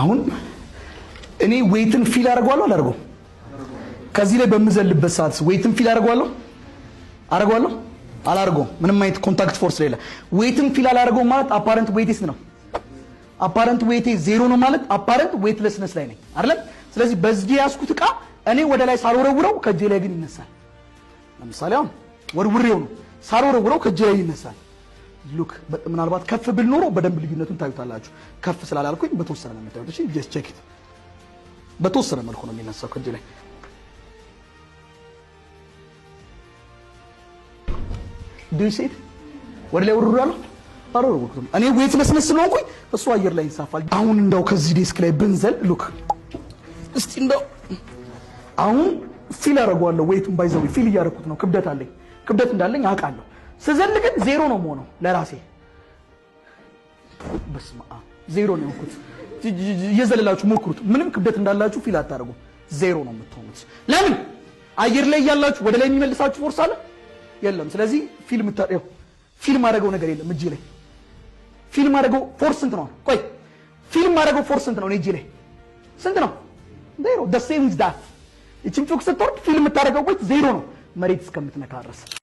አሁን እኔ ዌይትን ፊል አደርገዋለሁ አላደርገውም? ከዚህ ላይ በምዘልበት ሰዓት ዌይትን ፊል አደርገዋለሁ አደርገዋለሁ አላደርገውም? ምንም አይነት ኮንታክት ፎርስ ሌላ ዌይትን ፊል አላደርገውም ማለት አፓረንት ዌይቴስ ነው። አፓረንት ዌይቴ ዜሮ ነው ማለት አፓረንት ዌይትለስነስ ላይ ነኝ አይደለም? ስለዚህ በዚህ ያስኩት እቃ እኔ ወደ ላይ ሳልወረውረው ከእጄ ላይ ግን ይነሳል። ለምሳሌ አሁን ወርውሬው ነው ሳልወረውረው ከእጄ ላይ ይነሳል። ሉክ ምናልባት ከፍ ብል ኖሮ በደንብ ልዩነቱን ታዩታላችሁ። ከፍ ስላላልኩኝ በተወሰነ ነው የምታዩት። እሺ ጀስት ቼክ ኢት። በተወሰነ መልኩ ነው የሚነሳው ከእጅ ላይ ዱሴት ወደ ላይ ወርሩ ያለው አረርኩትም እኔ ዌት ነስነስ ስለሆንኩኝ እሱ አየር ላይ ይንሳፋል። አሁን እንዳው ከዚህ ዴስክ ላይ ብንዘል ሉክ እስቲ እንዳው አሁን ፊል አደርገዋለሁ። ዌቱን ባይዘው ፊል እያደረኩት ነው። ክብደት አለኝ። ክብደት እንዳለኝ አውቃለሁ። ስዘል ግን ዜሮ ነው መሆነው ለራሴ በስማ ዜሮ ነው የሆንኩት። እየዘለላችሁ ሞክሩት። ምንም ክብደት እንዳላችሁ ፊል አታደርጉም። ዜሮ ነው የምትሆኑት። ለምን አየር ላይ ያላችሁ ወደ ላይ የሚመልሳችሁ ፎርስ አለ የለም። ስለዚህ ፊልም ታሪው ፊልም አደረገው ነገር የለም እጄ ላይ ፊልም አደረገው ፎርስ ስንት ነው? ቆይ ፊልም አደረገው ፎርስ ስንት ነው? እጄ ላይ ስንት ነው? ዜሮ። ዘ ሴም ኢዝ ዳት። እቺም ጮክ ስትወርድ ፊልም የምታደርገው ዜሮ ነው መሬት እስከምትነካ ድረስ